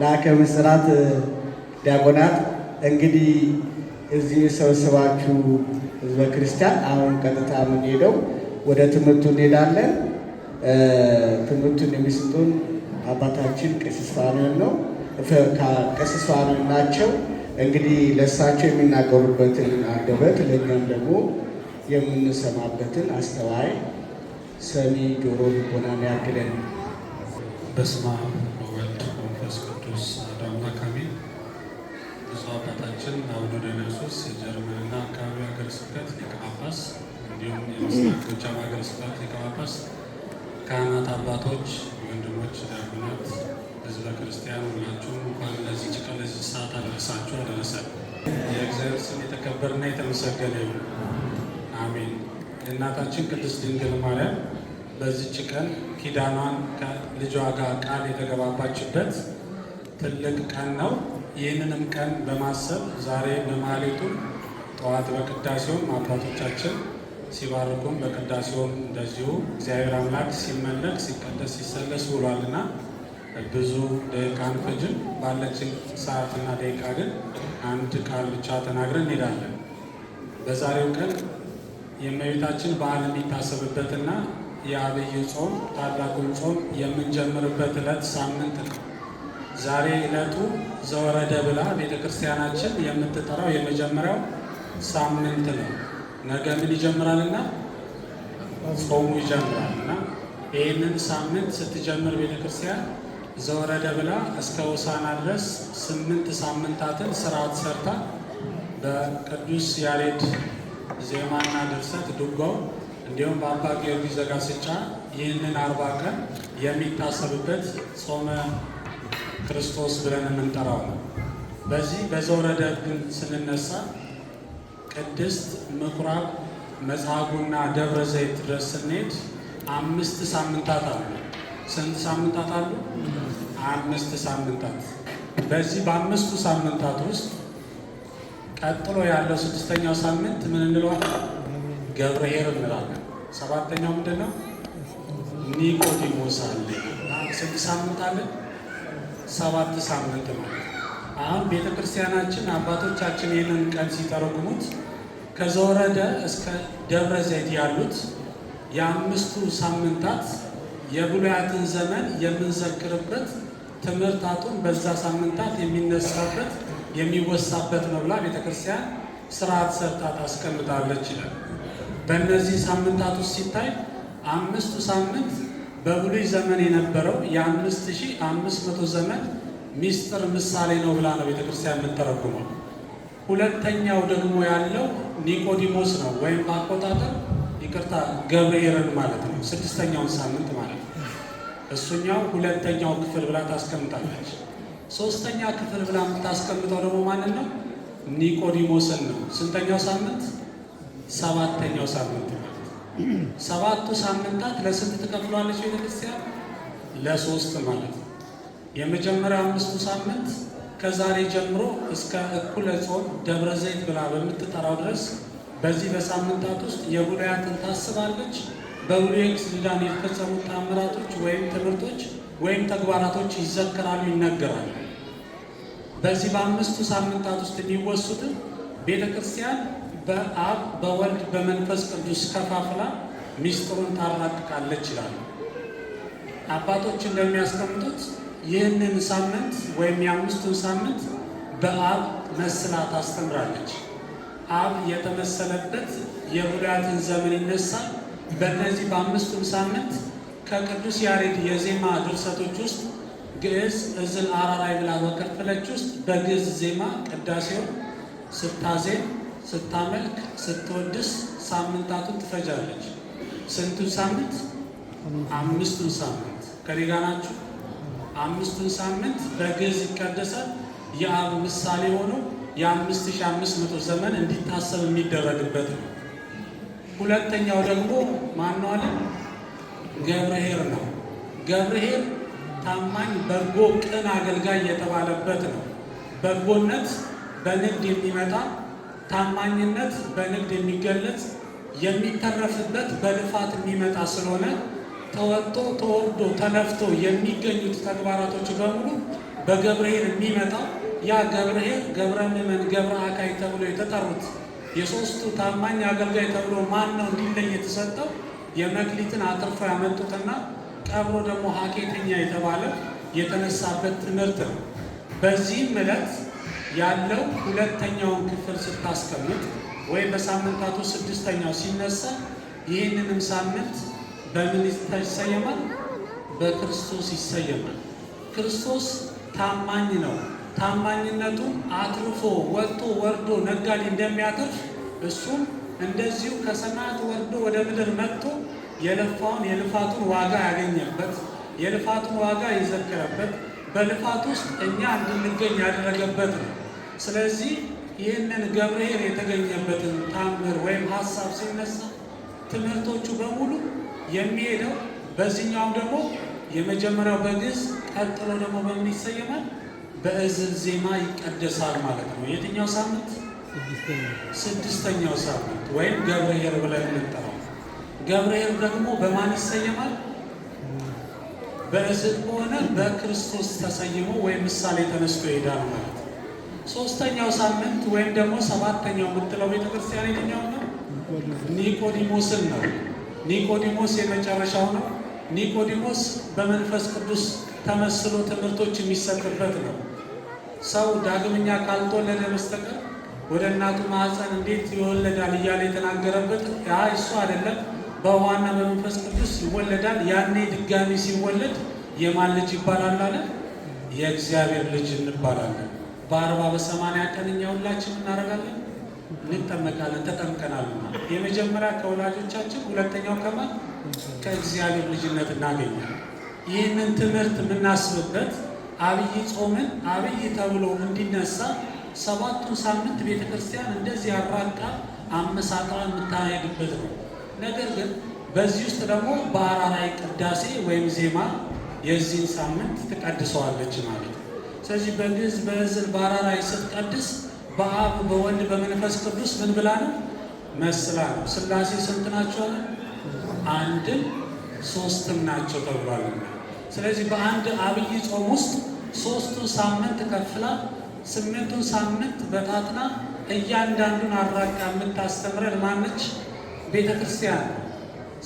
ለአከ ብስራት ዲያቆናት እንግዲህ እዚህ ሰብስባችሁ ህዝበ ክርስቲያን አሁን ቀጥታ የምንሄደው ወደ ትምህርቱ እንሄዳለን። ትምህርቱን የሚሰጡን አባታችን ቀሲስ እስፋኖን ነው። ቀሲስ እስፋኖን ናቸው። እንግዲህ ለእሳቸው የሚናገሩበትን አንደበት ለእኛም ደግሞ የምንሰማበትን አስተዋይ ሰሚ ጆሮ ልቦናን ያግለን። በስመ አብ አባቶች፣ ወንድሞች፣ ዳግናት ህዝበ ክርስቲያን ሁላችሁም እንኳን ለዚህ ቀን ሰዓት አደረሳችሁ አደረሰ የእግዚአብሔር ስም የተከበረና የተመሰገነ ይሁን አሜን። የእናታችን ቅድስት ድንግል ማርያም በዚች ቀን ኪዳኗን ከልጇ ጋር ቃል የተገባባችበት ትልቅ ቀን ነው። ይህንንም ቀን በማሰብ ዛሬ በማሌቱን ጠዋት በቅዳሴውም አባቶቻችን ሲባርኩም በቅዳሴውም እንደዚሁ እግዚአብሔር አምላክ ሲመለክ ሲቀደስ ሲሰለስ ውሏልና ብዙ ደቂቃን ፍጅም ባለችን ሰዓትና ደቂቃ ግን አንድ ቃል ብቻ ተናግረን እንሄዳለን። በዛሬው ቀን የእመቤታችን በዓል የሚታሰብበትና የአብይ ጾም ታላቁን ጾም የምንጀምርበት ዕለት ሳምንት ነው። ዛሬ ዕለቱ ዘወረደ ብላ ቤተ ክርስቲያናችን የምትጠራው የመጀመሪያው ሳምንት ነው። ነገ ምን ይጀምራልና ጾሙ ይጀምራልና ይህንን ሳምንት ስትጀምር ቤተክርስቲያን ዘወረደ ብላ እስከ ውሳና ድረስ ስምንት ሳምንታትን ስርዓት ሰርታ በቅዱስ ያሬድ ዜማና ድርሰት ድጓው እንዲሁም በአባ ጊዮርጊስ ዘጋስጫ ይህንን አርባ ቀን የሚታሰብበት ጾመ ክርስቶስ ብለን የምንጠራው ነው። በዚህ በዘወረደ ግን ስንነሳ ቅድስት ምኩራብ መጽሐፉና ደብረ ዘይት ድረስ ስንሄድ አምስት ሳምንታት አሉ። ስንት ሳምንታት አሉ? አምስት ሳምንታት። በዚህ በአምስቱ ሳምንታት ውስጥ ቀጥሎ ያለው ስድስተኛው ሳምንት ምን እንለዋለን? ገብርሄር እንላለን። ሰባተኛው ምንድን ነው? ኒቆዲሞስ አለ። ስንት ሳምንት አለ? ሰባት ሳምንት ማለት አሁን ቤተክርስቲያናችን አባቶቻችን ይህንን ቀን ሲተረጉሙት ከዘወረደ እስከ ደብረ ዘይት ያሉት የአምስቱ ሳምንታት የብሉያትን ዘመን የምንዘክርበት ትምህርታቱን በዛ ሳምንታት የሚነሳበት የሚወሳበት ነው ብላ ቤተክርስቲያን ስርዓት ሰርታ ታስቀምጣለች ይላል። በእነዚህ ሳምንታት ውስጥ ሲታይ አምስቱ ሳምንት በብሉይ ዘመን የነበረው የአምስት ሺህ አምስት መቶ ዘመን ሚስጥር ምሳሌ ነው ብላ ነው ቤተክርስቲያን የምትተረጉመው። ሁለተኛው ደግሞ ያለው ኒቆዲሞስ ነው ወይም በአቆጣጠር ይቅርታ ገብርኤልን ማለት ነው። ስድስተኛውን ሳምንት ማለት ነው። እሱኛው ሁለተኛው ክፍል ብላ ታስቀምጣለች። ሶስተኛ ክፍል ብላ የምታስቀምጠው ደግሞ ማንን ነው? ኒቆዲሞስን ነው። ስንተኛው ሳምንት? ሰባተኛው ሳምንት ማለት ሰባቱ ሳምንታት ለስንት ትከፍሏለች ቤተክርስቲያን? ለሶስት ማለት ነው። የመጀመሪያ አምስቱ ሳምንት ከዛሬ ጀምሮ እስከ እኩለ ጾም ደብረ ዘይት ብላ በምትጠራው ድረስ በዚህ በሳምንታት ውስጥ የቡዳያትን ታስባለች። በብሉይ ኪዳን የተፈጸሙ ታምራቶች ወይም ትምህርቶች ወይም ተግባራቶች ይዘከራሉ፣ ይነገራሉ። በዚህ በአምስቱ ሳምንታት ውስጥ የሚወሱትን ቤተ ክርስቲያን በአብ በወልድ በመንፈስ ቅዱስ ከፋፍላ ሚስጥሩን ታራቅቃለች ይላሉ አባቶች እንደሚያስቀምጡት ይህንን ሳምንት ወይም የአምስቱን ሳምንት በአብ መስላ ታስተምራለች። አብ የተመሰለበት የጉዳትን ዘመን ይነሳል። በእነዚህ በአምስቱም ሳምንት ከቅዱስ ያሬድ የዜማ ድርሰቶች ውስጥ ግዕዝ እዝል አራራይ ብላ በከፈለች ውስጥ በግዕዝ ዜማ ቅዳሴውን ስታዜም ስታመልክ ስትወድስ ሳምንታቱን ትፈጃለች። ስንቱን ሳምንት? አምስቱን ሳምንት። ከኔ ናችሁ? አምስቱን ሳምንት በግዕዝ ይቀደሳል። የአብ ምሳሌ ሆኖ የ ሺህ ዘመን እንዲታሰብ የሚደረግበት ነው። ሁለተኛው ደግሞ ማነው ገብርሄር ነው። ገብርሄር ታማኝ፣ በጎ፣ ቅን አገልጋይ የተባለበት ነው። በጎነት በንግድ የሚመጣ ታማኝነት በንግድ የሚገለጽ የሚተረፍበት በልፋት የሚመጣ ስለሆነ ተወጥቶ ተወርዶ ተለፍቶ የሚገኙት ተግባራቶች በሙሉ በገብርኄር የሚመጣ ያ ገብርኄር ገብረ ምመን ገብረ አካይ ተብሎ የተጠሩት የሶስቱ ታማኝ አገልጋይ ተብሎ ማን ነው እንዲለይ የተሰጠው? የመክሊትን አትርፎ ያመጡትና ቀብሮ ደግሞ ሀኬተኛ የተባለ የተነሳበት ትምህርት ነው። በዚህም ዕለት ያለው ሁለተኛውን ክፍል ስታስቀምጥ ወይም በሳምንታቱ ስድስተኛው ሲነሳ ይህንንም ሳምንት በምን ይሰየማል? በክርስቶስ ይሰየማል። ክርስቶስ ታማኝ ነው። ታማኝነቱ አትርፎ ወጥቶ ወርዶ ነጋዴ እንደሚያተርፍ እሱም እንደዚሁ ከሰማያት ወርዶ ወደ ምድር መጥቶ የለፋውን የልፋቱን ዋጋ ያገኘበት የልፋቱን ዋጋ የዘከረበት በልፋት ውስጥ እኛ እንድንገኝ ያደረገበት ነው። ስለዚህ ይህንን ገብርኤል የተገኘበትን ታምር ወይም ሀሳብ ሲነሳ ትምህርቶቹ በሙሉ የሚሄደው በዚህኛውም ደግሞ የመጀመሪያው በግዕዝ ቀጥሎ ደግሞ በምን ይሰየማል? በእዝል ዜማ ይቀደሳል ማለት ነው። የትኛው ሳምንት? ስድስተኛው ሳምንት ወይም ገብርኄር ብለን እንጠራው። ገብርኄር ደግሞ በማን ይሰየማል? በእዝል ከሆነ በክርስቶስ ተሰይሞ ወይም ምሳሌ ተነስቶ ይሄዳል ማለት ነው። ሶስተኛው ሳምንት ወይም ደግሞ ሰባተኛው የምትለው ቤተክርስቲያን የትኛው ነው? ኒቆዲሞስን ነው ኒቆዲሞስ የመጨረሻው ነው። ኒቆዲሞስ በመንፈስ ቅዱስ ተመስሎ ትምህርቶች የሚሰጥበት ነው። ሰው ዳግመኛ ካልተወለደ በስተቀር ወደ እናቱ ማህፀን እንዴት ይወለዳል እያለ የተናገረበት ያ እሱ አይደለም። በውሃና በመንፈስ ቅዱስ ይወለዳል። ያኔ ድጋሚ ሲወለድ የማን ልጅ ይባላል አለ? የእግዚአብሔር ልጅ እንባላለን። በአርባ በሰማንያ ቀን እኛ ሁላችን እናደርጋለን እንጠመቃለን ተጠምቀናል። የመጀመሪያ ከወላጆቻችን፣ ሁለተኛው ከማ ከእግዚአብሔር ልጅነት እናገኛለን። ይህንን ትምህርት የምናስብበት አብይ ጾምን አብይ ተብሎ እንዲነሳ ሰባቱን ሳምንት ቤተ ክርስቲያን እንደዚህ አራቃ አመሳቃ የምታሄድበት ነው። ነገር ግን በዚህ ውስጥ ደግሞ በአራራይ ቅዳሴ ወይም ዜማ የዚህን ሳምንት ትቀድሰዋለች ማለት ነው። ስለዚህ በግዕዝ በዕዝል በአራራይ ስትቀድስ በአብ በወልድ በመንፈስ ቅዱስ ምን ብላ ነው መስላ ነው። ስላሴ ስንት ናቸው? አንድም ሶስትም ናቸው ተብሏል። ስለዚህ በአንድ አብይ ጾም ውስጥ ሶስቱን ሳምንት ከፍላ ስምንቱን ሳምንት በታጥና እያንዳንዱን አራቃ የምታስተምረን ማነች? ቤተ ክርስቲያን።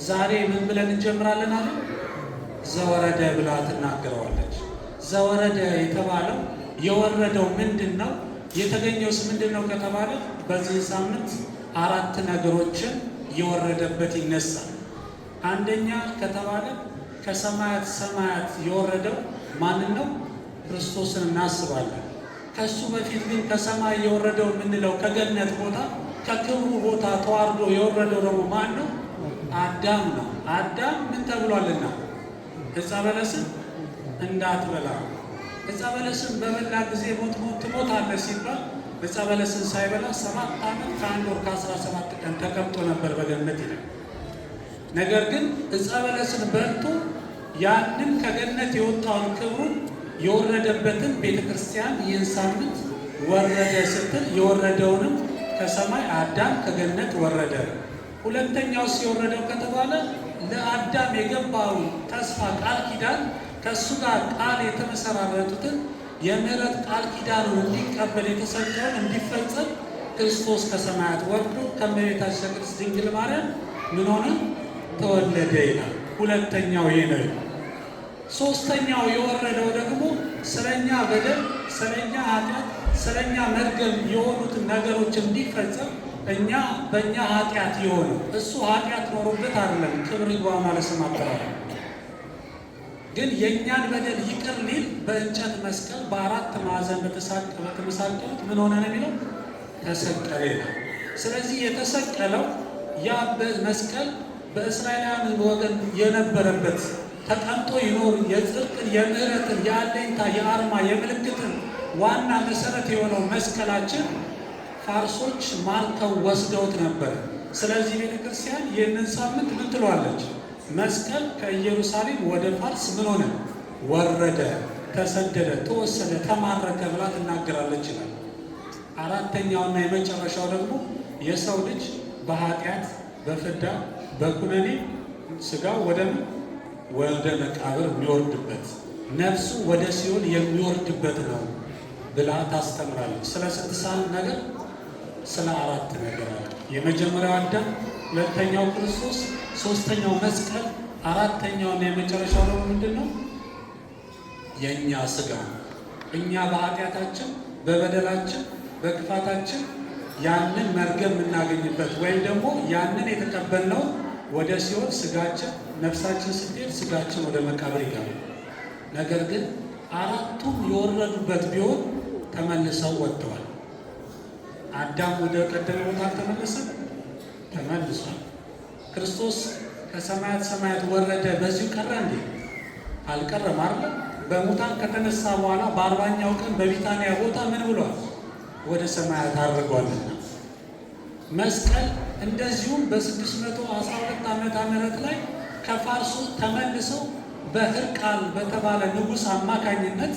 ዛሬ ምን ብለን እንጀምራለን አለ ዘወረደ ብላ ትናገረዋለች። ዘወረደ የተባለው የወረደው ምንድን ነው? የተገኘው ምንድን ነው ከተባለ በዚህ ሳምንት አራት ነገሮችን የወረደበት ይነሳል። አንደኛ ከተባለ ከሰማያት ሰማያት የወረደው ማንን ነው? ክርስቶስን እናስባለን። ከሱ በፊት ግን ከሰማይ የወረደው የምንለው ከገነት ቦታ ከክብሩ ቦታ ተዋርዶ የወረደው ደግሞ ማን ነው? አዳም ነው። አዳም ምን ተብሏልና? ዕፀ በለስን እንዳትበላ ዕፀ በለስን በበላ ጊዜ ሞት ሞት ትሞታለህ ሲባል ዕፀ በለስን ሳይበላ ሰባት ዓመት ከአንድ ወር ከአስራ ሰባት ቀን ተቀምጦ ነበር በገነት ይላል። ነገር ግን ዕፀ በለስን በልቶ ያንን ከገነት የወጣውን ክብሩን የወረደበትን ቤተ ክርስቲያን ይህን ሳምንት ወረደ ስትል የወረደውንም ከሰማይ አዳም ከገነት ወረደ። ሁለተኛው ሲወረደው ከተባለ ለአዳም የገባውን ተስፋ ቃል ኪዳን ከእሱ ጋር ቃል የተመሰራረቱትን የምሕረት ቃል ኪዳኑ እንዲቀበል የተሰጠውን እንዲፈጸም ክርስቶስ ከሰማያት ወርዶ ከእመቤታችን ከቅድስት ድንግል ማርያም ምን ሆነ? ተወለደ ይላል። ሁለተኛው ይህ ነው። ሶስተኛው የወረደው ደግሞ ስለኛ በደል፣ ስለኛ ኃጢአት፣ ስለኛ መርገም የሆኑትን ነገሮች እንዲፈጸም እኛ በእኛ ኃጢአት የሆነ እሱ ኃጢአት ኖሮበት አይደለም። ክብር ይግባውና ለስም አጠራለሁ ግን የእኛን በደል ይቅር ሊል በእንጨት መስቀል በአራት ማዕዘን በተመሳቀሉት ምን ሆነ ነው የሚለው ተሰቀለ ስለዚህ የተሰቀለው ያ መስቀል በእስራኤላውያን ወገን የነበረበት ተቀምጦ ይኖር የጽድቅን፣ የምህረትን፣ የአለኝታ፣ የአርማ፣ የምልክትን ዋና መሰረት የሆነው መስቀላችን ፋርሶች ማርከው ወስደውት ነበር። ስለዚህ ቤተክርስቲያን ይህንን ሳምንት ምን ትሏለች? መስቀል ከኢየሩሳሌም ወደ ፋርስ ምን ሆነ? ወረደ፣ ተሰደደ፣ ተወሰደ፣ ተማረከ ብላ ትናገራለች ይላል። አራተኛውና የመጨረሻው ደግሞ የሰው ልጅ በኃጢአት በፍዳ በኩነኔ ስጋው ወደ ወደ መቃብር የሚወርድበት ነፍሱ ወደ ሲኦል የሚወርድበት ነው ብላ ታስተምራለች። ስለ ስድስት ነገር ስለ አራት ነገር የመጀመሪያው አዳም ሁለተኛው ክርስቶስ፣ ሶስተኛው መስቀል፣ አራተኛውና የመጨረሻው ደግሞ ምንድን ነው? የእኛ ስጋ እኛ በኃጢአታችን በበደላችን በክፋታችን ያንን መርገም የምናገኝበት ወይም ደግሞ ያንን የተቀበልነው ወደ ሲሆን ስጋችን ነፍሳችን ስትሄድ ስጋችን ወደ መቃብር ይገባል። ነገር ግን አራቱም የወረዱበት ቢሆን ተመልሰው ወጥተዋል። አዳም ወደ ቀደመ ቦታ አልተመለሰም። ተመልሷል። ክርስቶስ ከሰማያት ሰማያት ወረደ። በዚሁ ቀረ እንዴ? አልቀረም አለ። በሙታን ከተነሳ በኋላ በአርባኛው ቀን በቢታንያ ቦታ ምን ብሏል? ወደ ሰማያት አድርጓልና መስቀል እንደዚሁም በ612 ዓመተ ምህረት ላይ ከፋርሱ ተመልሰው ቃል በተባለ ንጉሥ አማካኝነት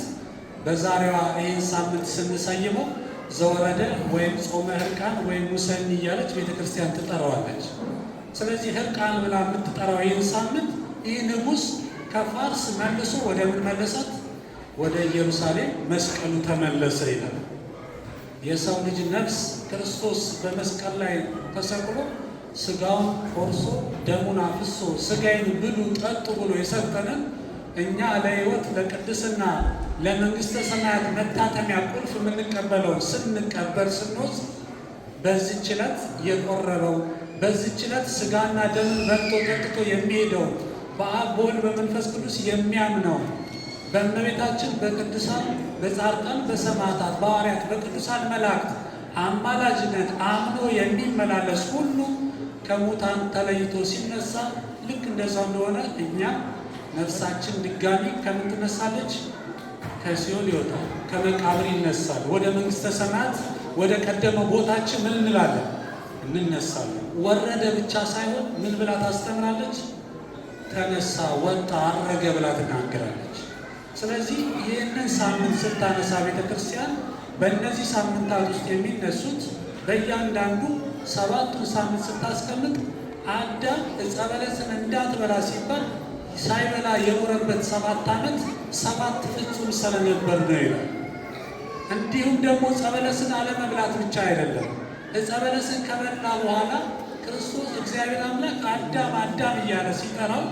በዛሬዋ ይህን ሳምንት ስንሰይመው ዘወረደ ወይም ጾመ ህርቃን ወይም ሙሰኒ እያለች ቤተ ክርስቲያን ትጠራዋለች። ስለዚህ ህርቃን ብላ የምትጠራው ይህን ሳምንት ይህ ንጉሥ ከፋርስ መልሶ ወደ ምን መለሰት? ወደ ኢየሩሳሌም መስቀሉ ተመለሰ ይላል። የሰው ልጅ ነፍስ ክርስቶስ በመስቀል ላይ ተሰቅሎ ስጋውን ቆርሶ ደሙን አፍሶ ስጋይን ብሉ ጠጡ ብሎ የሰጠንን እኛ ለህይወት ለቅድስና ለመንግስተ ሰማያት መታተሚያ ቁልፍ የምንቀበለው ስንቀበር ስንወስድ በዚህች ዕለት የቆረበው በዚህች ዕለት ስጋና ደምን በልቶ ጠጥቶ የሚሄደው በአብ በወልድ በመንፈስ ቅዱስ የሚያምነው በእመቤታችን በቅዱሳን በጻድቃን በሰማዕታት በሐዋርያት በቅዱሳን መላእክት አማላጅነት አምኖ የሚመላለስ ሁሉ ከሙታን ተለይቶ ሲነሳ ልክ እንደዛው እንደሆነ እኛ ነፍሳችን ድጋሚ ከምን ትነሳለች? ከሲኦል ይወጣል፣ ከመቃብር ይነሳል። ወደ መንግስተ ሰማያት ወደ ቀደመ ቦታችን ምን እንላለን? እንነሳለን። ወረደ ብቻ ሳይሆን ምን ብላ ታስተምራለች? ተነሳ፣ ወጣ፣ አረገ ብላ ትናገራለች። ስለዚህ ይህንን ሳምንት ስታነሳ ቤተ ክርስቲያን በእነዚህ ሳምንታት ውስጥ የሚነሱት በእያንዳንዱ ሰባቱን ሳምንት ስታስቀምጥ አዳም ዕፀ በለስን እንዳትበላ ሲባል ሳይበላ የኖረበት ሰባት ዓመት ሰባት ፍጹም ስለነበር ነው ይላል። እንዲሁም ደግሞ ጸበለስን አለመብላት ብቻ አይደለም። ጸበለስን ከበላ በኋላ ክርስቶስ እግዚአብሔር አምላክ አዳም አዳም እያለ ሲጠራው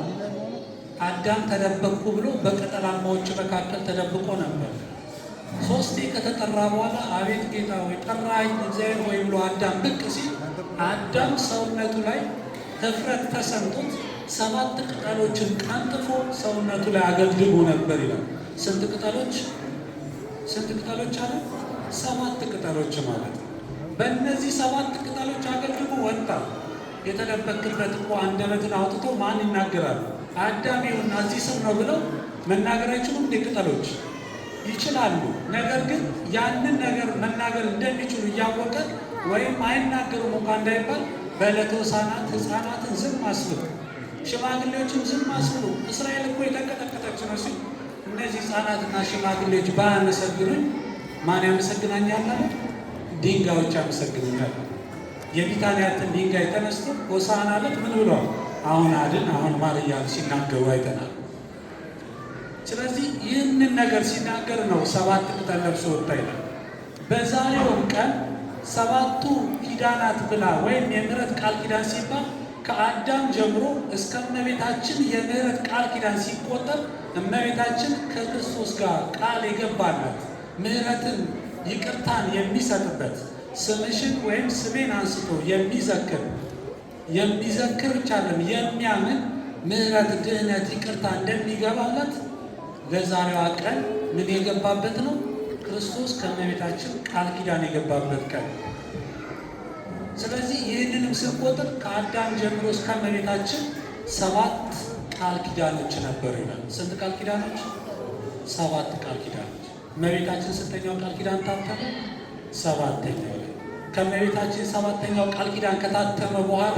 አዳም ተደበቅኩ ብሎ በቅጠላማዎች መካከል ተደብቆ ነበር። ሶስቴ ከተጠራ በኋላ አቤት ጌታ ወይ ጠራኝ፣ እግዚአብሔር ወይ ብሎ አዳም ብቅ ሲል አዳም ሰውነቱ ላይ ህፍረት ተሰምቶት ሰባት ቅጠሎችን ቀንጥፎ ሰውነቱ ላይ አገልግሎ ነበር ይላል። ስንት ቅጠሎች? ስንት ቅጠሎች አለ? ሰባት ቅጠሎች ማለት ነው። በእነዚህ ሰባት ቅጠሎች አገልግሎ ወጣ። የተደበክበት እኮ አንደበትን አውጥቶ ማን ይናገራል? አዳሚውና እዚህ ስም ነው ብለው መናገር አይችሉም? እንደ ቅጠሎች ይችላሉ። ነገር ግን ያንን ነገር መናገር እንደሚችሉ እያወቀ ወይም አይናገሩም እንኳ እንዳይባል በዕለተ ሆሳዕና ሕፃናትን ዝም አስብ ሽማግሌዎችም ዝም አስብሎ እስራኤል እኮ የተንቀጠቀጠች ነው ሲል እነዚህ ህፃናትና ሽማግሌዎች ባያመሰግኑኝ ማን ያመሰግናኛል? ድንጋዮች ያመሰግኑኛል። የቢታንያትን ድንጋይ ተነስቶ ሆሳዕና ዕለት ምን ብሏል? አሁን አድን፣ አሁን ማር እያሉ ሲናገሩ አይተናል። ስለዚህ ይህንን ነገር ሲናገር ነው ሰባት ቅጠል ለብሶ ወጣ ይላል። በዛሬውም ቀን ሰባቱ ኪዳናት ብላ ወይም የምሕረት ቃል ኪዳን ሲባል ከአዳም ጀምሮ እስከ እመቤታችን የምህረት ቃል ኪዳን ሲቆጠር እመቤታችን ከክርስቶስ ጋር ቃል የገባላት ምህረትን፣ ይቅርታን የሚሰጥበት ስምሽን ወይም ስሜን አንስቶ የሚዘክር የሚዘክር ብቻ የሚያምን ምህረት፣ ድህነት፣ ይቅርታ እንደሚገባላት ለዛሬዋ ቀን ምን የገባበት ነው? ክርስቶስ ከእመቤታችን ቃል ኪዳን የገባበት ቀን ስለዚህ ይህንንም ስንቆጥር ከአዳም ጀምሮ እስከ መሬታችን ሰባት ቃል ኪዳኖች ነበሩ ይላል። ስንት ቃል ኪዳኖች? ሰባት ቃል ኪዳኖች። መሬታችን ስንተኛው ቃል ኪዳን ታተመ? ሰባተኛው። ከመሬታችን ሰባተኛው ቃል ኪዳን ከታተመ በኋላ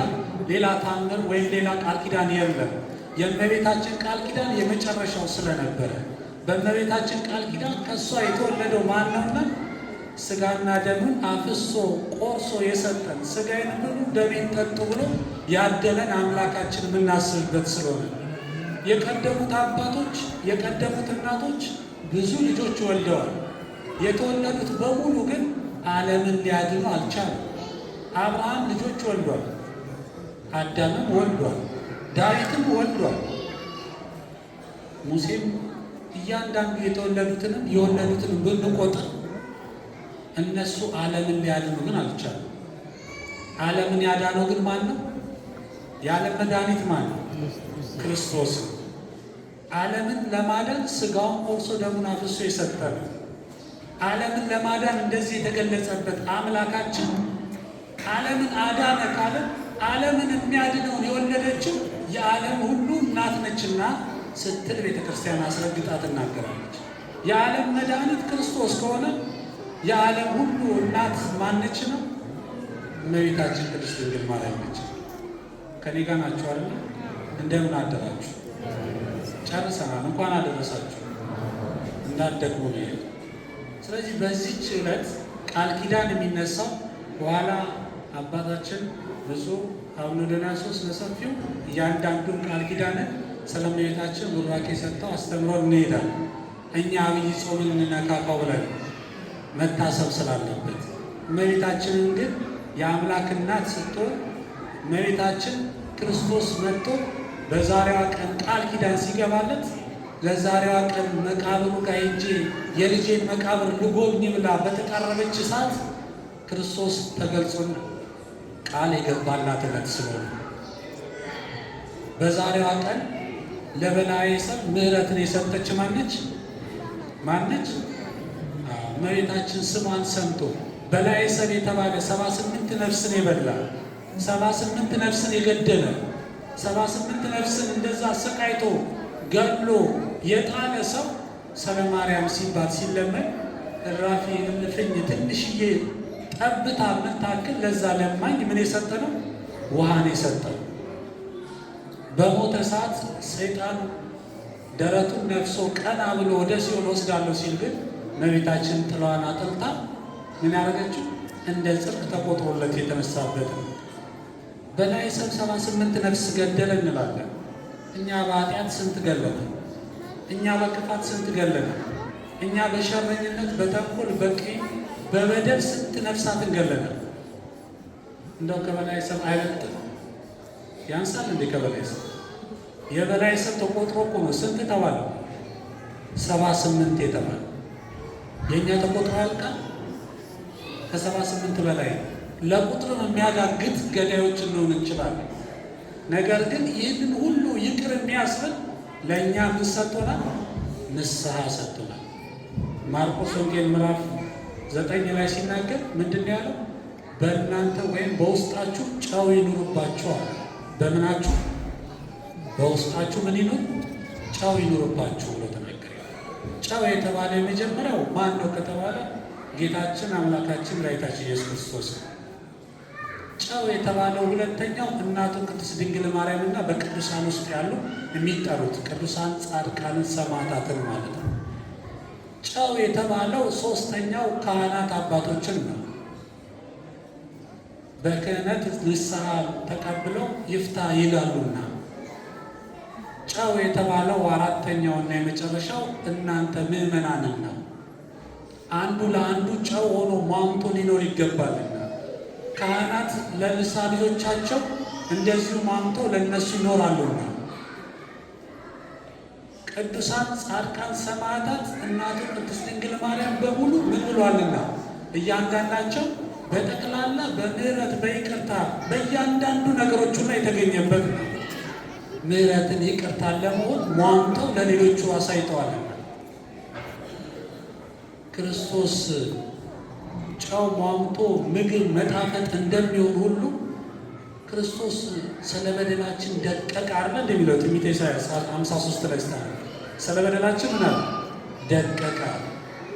ሌላ ታምር ወይም ሌላ ቃል ኪዳን የለም። የመቤታችን ቃል ኪዳን የመጨረሻው ስለነበረ በመቤታችን ቃል ኪዳን ከእሷ የተወለደው ማን ነውና ስጋና ደምን አፍሶ ቆርሶ የሰጠን ስጋዬን ብሉ ደሜን ጠጡ ብሎ ያደለን አምላካችን የምናስብበት ስለሆነ የቀደሙት አባቶች የቀደሙት እናቶች ብዙ ልጆች ወልደዋል። የተወለዱት በሙሉ ግን ዓለምን ሊያድኑ አልቻለም። አብርሃም ልጆች ወልዷል። አዳምም ወልዷል። ዳዊትም ወልዷል። ሙሴም እያንዳንዱ የተወለዱትንም የወለዱትንም ብንቆጥር እነሱ ዓለምን ሊያድኑ ግን አልቻሉ። ዓለምን ያዳነው ግን ማን ነው? የዓለም መድኃኒት ማን ነው? ክርስቶስ ነው። ዓለምን ለማዳን ስጋውን ቆርሶ ደሙን አፍሶ የሰጠ ነው። ዓለምን ለማዳን እንደዚህ የተገለጸበት አምላካችን ዓለምን አዳነ ካለ ዓለምን የሚያድነውን የወለደችው የዓለም ሁሉ እናት ነችና ስትል ቤተክርስቲያን አስረግጣ ትናገራለች። የዓለም መድኃኒት ክርስቶስ ከሆነ የዓለም ሁሉ እናት ማነች ነው? እመቤታችን ቅድስት ድንግል ማርያም ነች። ከኔ ጋር ናችሁ አይደል? እንደምን አደራችሁ? ጨርሰናል። እንኳን አደረሳችሁ። እንዳደግሞ ነው። ስለዚህ በዚች ዕለት ቃል ኪዳን የሚነሳው በኋላ አባታችን ብፁዕ አቡነ ዲዮናስዮስ በሰፊው እያንዳንዱን ቃል ኪዳንን ስለመቤታችን ቡራኬ ሰጥተው አስተምሮ እንሄዳለን። እኛ አብይ ጾምን እንነካፋው ብለን መታሰብ ስላለበት እመቤታችንን ግን የአምላክ እናት ስትሆን እመቤታችን ክርስቶስ መጥቶ በዛሬዋ ቀን ቃል ኪዳን ሲገባለት ለዛሬዋ ቀን መቃብሩ ጋር ሄጄ የልጄን መቃብር ልጎብኝ ብላ በተቃረበች ሰዓት ክርስቶስ ተገልጾን ቃል የገባላት ዕለት ስለሆነ በዛሬዋ ቀን ለበላዊ ሰብ ምሕረትን የሰጠች ማነች? ማነች? እመቤታችን ስሟን ሰምቶ በላይ ሰብ የተባለ ሰባ ስምንት ነፍስን የበላ ሰባ ስምንት ነፍስን የገደለ ሰባ ስምንት ነፍስን እንደዛ አሰቃይቶ ገድሎ የጣለ ሰው ማርያም ሲባል ሲለመን እራፊ እልፍኝ ትንሽዬ ጠብታ ምታክል ለዛ ለማኝ ምን የሰጠ ነው? ውሃን የሰጠ በሞተ ሰዓት ሰይጣን ደረቱን ነፍሶ ቀና ብሎ ወደ ሲኦል ወስዳለሁ ሲል ግን መቤታችን ጥላዋን አጥልታ ምን ያደረገችው እንደ ጽድቅ ተቆጥሮለት የተነሳበት ነው። በላይ ሰብ ሰባ ስምንት ነፍስ ገደለ እንላለን። እኛ በኃጢአት ስንት ገለነ? እኛ በክፋት ስንት ገለነ? እኛ በሸረኝነት በተንኮል በቂ በበደል ስንት ነፍሳትን ገለነ? እንደው ከበላይ ሰብ አይበልጥም? ያንሳል እንዴ? ከበላይ ሰብ የበላይ ሰብ ተቆጥሮ እኮ ነው ስንት ተባለ? ሰባ ስምንት የተባለ የእኛ ተቆጥሮ ያልቃል። ከሰባ ስምንት በላይ ለቁጥር የሚያዳግት ገዳዮች እንሆን እንችላለን። ነገር ግን ይህንን ሁሉ ይቅር የሚያስብል ለእኛ ምን ሰጥቶናል? ንስሐ ሰጥቶናል። ማርቆስ ወንጌል ምዕራፍ ዘጠኝ ላይ ሲናገር ምንድን ያለው? በእናንተ ወይም በውስጣችሁ ጨው ይኑርባችኋል። በምናችሁ? በውስጣችሁ ምን ይኑር? ጨው ይኑርባችሁ ብሎታል። ጨው የተባለ የመጀመሪያው ማን ነው ከተባለ ጌታችን አምላካችን መድኃኒታችን ኢየሱስ ክርስቶስ ነው። ጨው የተባለው ሁለተኛው እናቱ ቅድስት ድንግል ማርያም እና በቅዱሳን ውስጥ ያሉ የሚጠሩት ቅዱሳን ጻድቃንን፣ ሰማዕታትን ማለት ነው። ጨው የተባለው ሶስተኛው ካህናት አባቶችን ነው። በክህነት ንስሐ ተቀብለው ይፍታ ይላሉና ጨው የተባለው አራተኛውና የመጨረሻው እናንተ ምዕመናንን ነው። አንዱ ለአንዱ ጨው ሆኖ ሟምቶ ሊኖር ይገባልና ካህናት ለልሳ እንደዚሁ ሟምቶ ለእነሱ ይኖራሉና ቅዱሳን፣ ጻድቃን፣ ሰማዕታት እናቱ ቅድስት ድንግል ማርያም በሙሉ ምን ብሏልና እያንዳንዳቸው በጠቅላላ በምሕረት በይቅርታ በእያንዳንዱ ነገሮቹ ላይ የተገኘበት ነው። ምሕረትን ይቅርታን ለመሆን ሟምተው ለሌሎቹ አሳይተዋል። ክርስቶስ ጨው ሟምቶ ምግብ መጣፈጥ እንደሚሆን ሁሉ ክርስቶስ ስለ በደላችን ደቀቀ አርመ እንደሚለው ትንቢተ ኢሳያስ 53 ላይ ስታ ስለ በደላችን ምን ደቀቀ።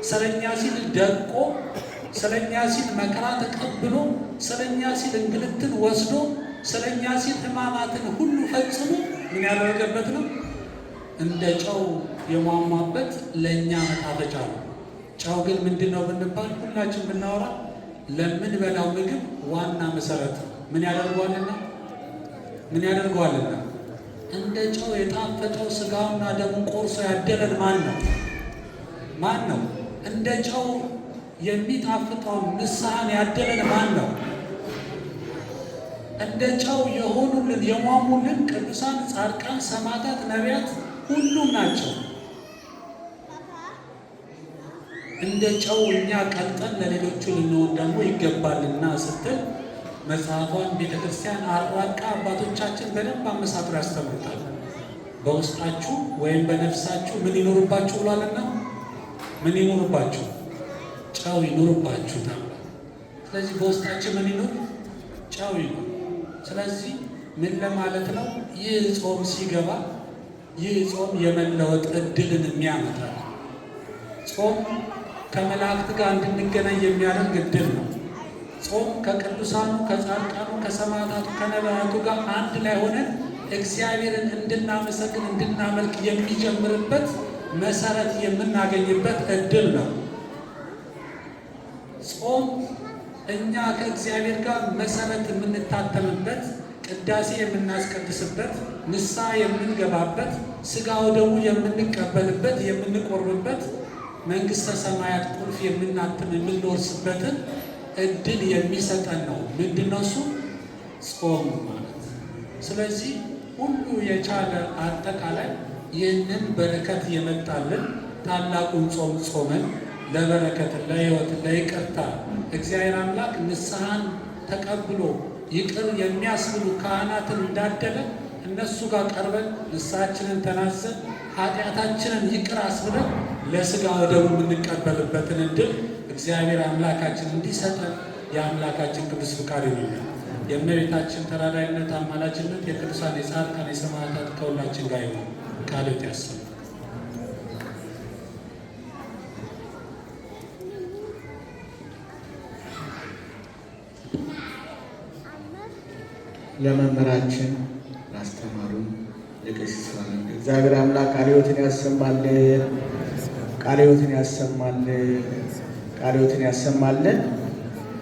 ስለኛ ሲል ደቆ፣ ስለኛ ሲል መከራ ተቀብሎ፣ ስለኛ ሲል እንግልትን ወስዶ፣ ስለኛ ሲል ሕማማትን ሁሉ ፈጽሞ ምን ያደረገበት ነው? እንደ ጨው የሟሟበት ለእኛ መጣፈጫ ነው። ጨው ግን ምንድን ነው ብንባል፣ ሁላችን ብናወራ ለምንበላው ምግብ ዋና መሰረት ነው። ምን ያደርገዋልና ምን ያደርገዋልና እንደ ጨው የጣፈጠው ስጋውና ደሙ ቆርሶ ያደረን ማን ነው? ማን ነው? እንደ ጨው የሚጣፍጠውን ንስሐን ያደረን ማን ነው? እንደ ጨው የሆኑልን የሟሙልን ቅዱሳን፣ ጻድቃን፣ ሰማዕታት፣ ነቢያት ሁሉም ናቸው። እንደ ጨው እኛ ቀልጠን ለሌሎቹ ልንሆን ደግሞ ይገባልና ስትል መጽሐፏን ቤተክርስቲያን አራቃ አባቶቻችን በደንብ አመሳጥሮ ያስተምሩታል። በውስጣችሁ ወይም በነፍሳችሁ ምን ይኖርባችሁ ብሏልና ምን ይኖርባችሁ? ጨው ይኖርባችሁ ስለዚህ በውስጣችን ምን ይኖር? ጨው ይኖር። ስለዚህ ምን ለማለት ነው? ይህ ጾም ሲገባ ይህ ጾም የመለወጥ እድልን የሚያመጣ ጾም ከመላእክት ጋር እንድንገናኝ የሚያደርግ እድል ነው። ጾም ከቅዱሳኑ፣ ከጻድቃኑ፣ ከሰማዕታቱ፣ ከነቢያቱ ጋር አንድ ላይ ሆነን እግዚአብሔርን እንድናመሰግን እንድናመልክ የሚጀምርበት መሰረት የምናገኝበት እድል ነው ጾም እኛ ከእግዚአብሔር ጋር መሰረት የምንታተምበት ቅዳሴ የምናስቀድስበት ንስሐ የምንገባበት ስጋ ወደሙ የምንቀበልበት የምንቆርብበት መንግስተ ሰማያት ቁልፍ የምናትም የምንወርስበትን እድል የሚሰጠን ነው። ምንድን እሱ? ጾም ማለት። ስለዚህ ሁሉ የቻለ አጠቃላይ ይህንን በረከት የመጣልን ታላቁን ጾም ጾመን ለበረከትን፣ ለሕይወትን፣ ለይቅርታ እግዚአብሔር አምላክ ንስሐን ተቀብሎ ይቅር የሚያስብሉ ካህናትን እንዳደለ እነሱ ጋር ቀርበን ንስሐችንን ተናዘን ኃጢአታችንን ይቅር አስብለን ለስጋ ወደሙ የምንቀበልበትን እድል እግዚአብሔር አምላካችን እንዲሰጠን የአምላካችን ቅዱስ ፍቃድ ይሆናል። የእመቤታችን ተራዳይነት፣ አማላጅነት፣ የቅዱሳን የጻድቃን የሰማዕታት ከሁላችን ጋር ይሆን። ቃሎት ያስብ ለመምህራችን ላስተማሩን ለቀሲሳን እግዚአብሔር አምላክ ቃለ ሕይወትን ያሰማልን፣ ቃለ ሕይወትን ያሰማልን፣ ቃለ ሕይወትን ያሰማልን።